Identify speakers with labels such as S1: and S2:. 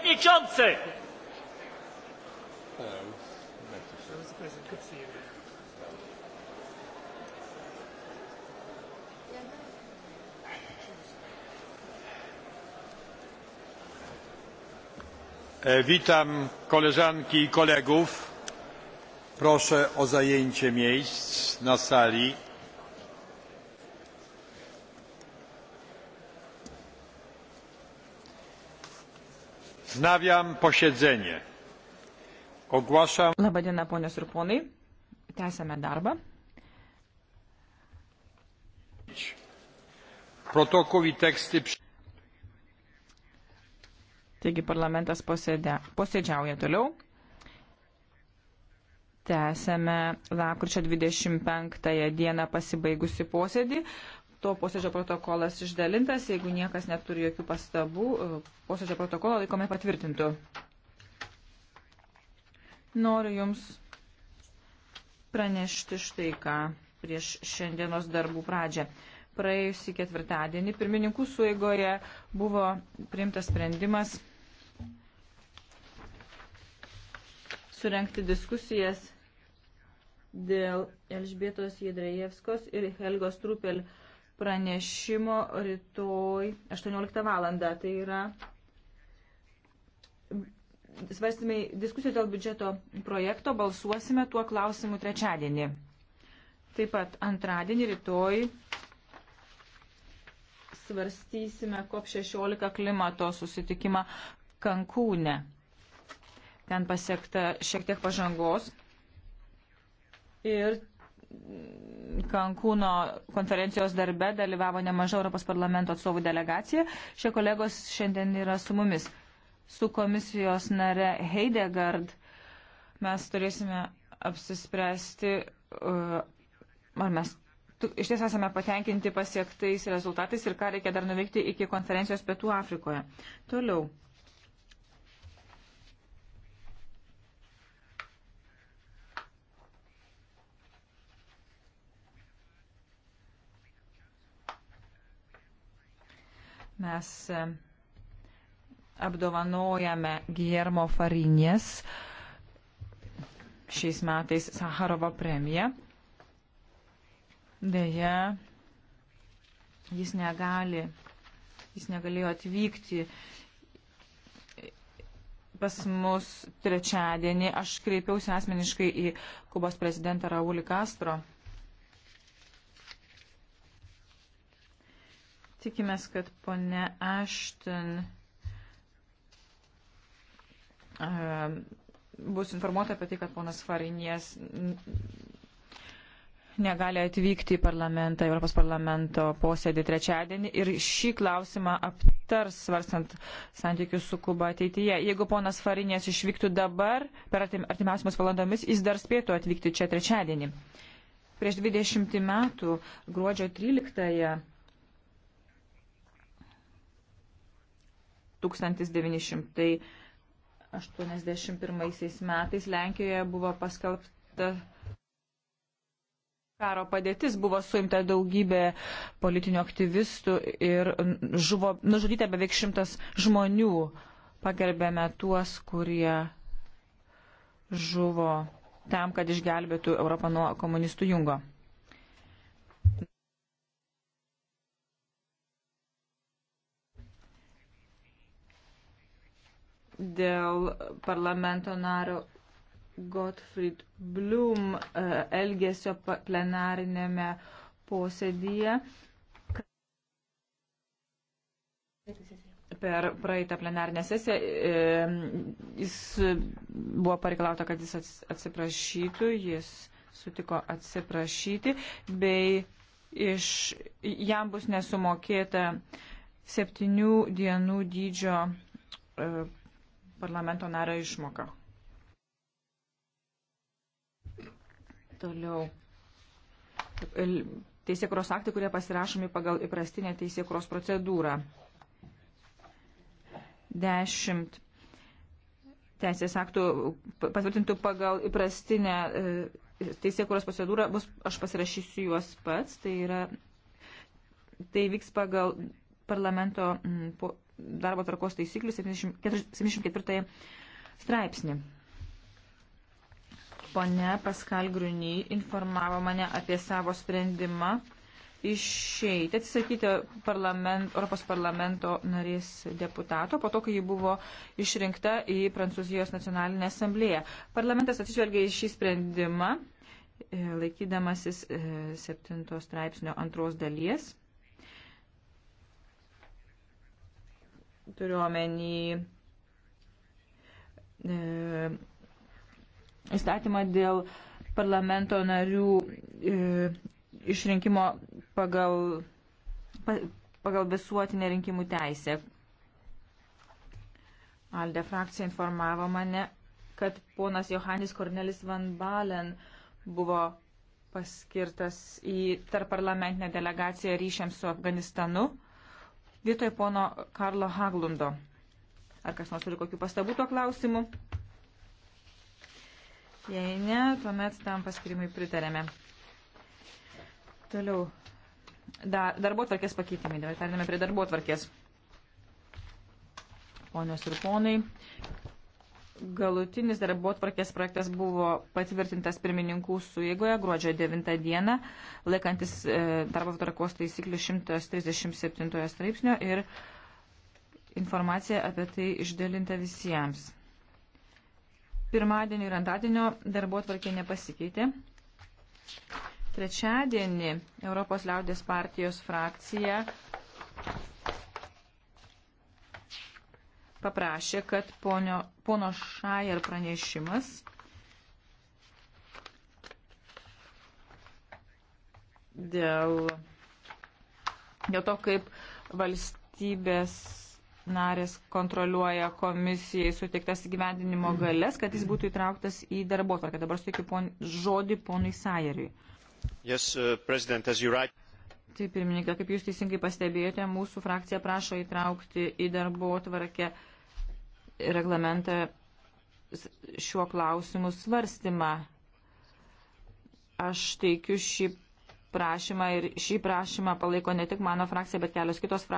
S1: przewodniczący! E, witam koleżanki i kolegów. Proszę o zajęcie miejsc na sali. Wznawiam posiedzenie. Ogłaszam. Labadiena, ponios ir ponai. Tęsiame darbą. Protokol į tekstį. Taigi parlamentas posėdė, posėdžiauja toliau. Tęsėme lakrčio 25 dieną pasibaigusi posėdį. To posėdžio protokolas išdalintas, jeigu niekas neturi jokių pastabų, e, posėdžio protokolą laikome patvirtintų. Noriu Jums pranešti štai ką prieš šiandienos darbų pradžią. Praėjusį ketvirtadienį pirmininkų suėgoje buvo priimtas sprendimas surenkti diskusijas dėl Elžbietos Jedrejevskos ir Helgos Trupel pranešimo rytoj 18 val. Tai yra svarstymai diskusijų dėl biudžeto projekto, balsuosime tuo klausimu trečiadienį. Taip pat antradienį rytoj svarstysime COP16 klimato susitikimą Kankūne. Ten pasiekta šiek tiek pažangos. Ir Kankūno konferencijos darbe dalyvavo nemaža Europos parlamento atstovų delegacija. Šie kolegos šiandien yra su mumis. Su komisijos nare Heidegard mes turėsime apsispręsti, uh, ar mes iš ties esame patenkinti pasiektais rezultatais ir ką reikia dar nuveikti iki konferencijos Pietų Afrikoje. Toliau. Mes e, apdovanojame Giermo Farinės šiais metais Saharovo premiją. Deja, jis negali, jis negalėjo atvykti pas mus trečiadienį. Aš kreipiausi asmeniškai į Kubos prezidentą Raulį Castro Tikimės, kad ponė Ashton bus informuota apie tai, kad ponas Farinės negali atvykti į parlamentą, Europos parlamento posėdį trečiadienį ir šį klausimą aptars svarstant santykius su Kuba ateityje. Jeigu ponas Farinės išvyktų dabar, per artimiausiamis valandomis, jis dar spėtų atvykti čia trečiadienį. Prieš 20 metų, gruodžio 13-ąją, 1981 metais Lenkijoje buvo paskelbta karo padėtis, buvo suimta daugybė politinių aktyvistų ir žuvo, nužudyta beveik šimtas žmonių. Pagerbėme tuos, kurie žuvo tam, kad išgelbėtų Europą nuo komunistų jungo. dėl parlamento naro Gottfried Blum e, elgesio plenarinėme posėdyje. Per praeitą plenarinę sesiją e, jis buvo pareikalauta, kad jis atsiprašytų, jis sutiko atsiprašyti, bei iš, jam bus nesumokėta septynių dienų dydžio e, parlamento nario išmoką. Toliau. Teisėkuros aktai, kurie pasirašomi pagal įprastinę teisėkuros procedūrą. 10 teisės aktų patvirtintų pagal įprastinę e, teisėkuros procedūrą, bus, aš pasirašysiu juos pats, tai yra, tai vyks pagal parlamento darbo tvarkos taisyklių 74 straipsnį. Pone Paskal Grunį informavo mane apie savo sprendimą išeiti, atsisakyti parlament, Europos parlamento narės deputato, po to, kai ji buvo išrinkta į Prancūzijos nacionalinę asamblėją. Parlamentas atsižvelgia į šį sprendimą, e, laikydamasis e, septinto straipsnio antros dalies. turiuomenį e, įstatymą dėl parlamento narių e, išrinkimo pagal, pa, pagal visuotinę rinkimų teisę. Alde frakcija informavo mane, kad ponas Johannis Kornelis Van Balen buvo paskirtas į tarparlamentinę delegaciją ryšiams su Afganistanu vietoje pono Karlo Haglundo. Ar kas nors turi kokių pastabų tuo klausimu? Jei ne, tuomet tam paskirimui pritarėme. Toliau. Da, darbo tvarkės pakeitimai. Dabar perėmėme prie darbo tvarkės. Ponios ir ponai, galutinis darbo atvarkės projektas buvo patvirtintas pirmininkų suėgoje gruodžio 9 dieną, laikantis e, darbo tvarkos taisyklių 137 straipsnio ir informacija apie tai išdalinta visiems. Pirmadienio ir antradienio darbo atvarkė nepasikeitė. Trečiadienį Europos liaudės partijos frakcija paprašė, kad ponio, pono Šajer pranešimas dėl, dėl to, kaip valstybės narės kontroliuoja komisijai suteiktas gyvendinimo galės, kad jis būtų įtrauktas į darbo tvarką. Dabar suteikiu pon, žodį ponui Sajeriui. Yes, uh, right... Taip, pirmininkė, kaip jūs teisingai pastebėjote, mūsų frakcija prašo įtraukti į darbo tvarkę reglamentą šiuo klausimu svarstymą. Aš teikiu šį prašymą ir šį prašymą palaiko ne tik mano frakcija, bet kelios kitos frakcijos.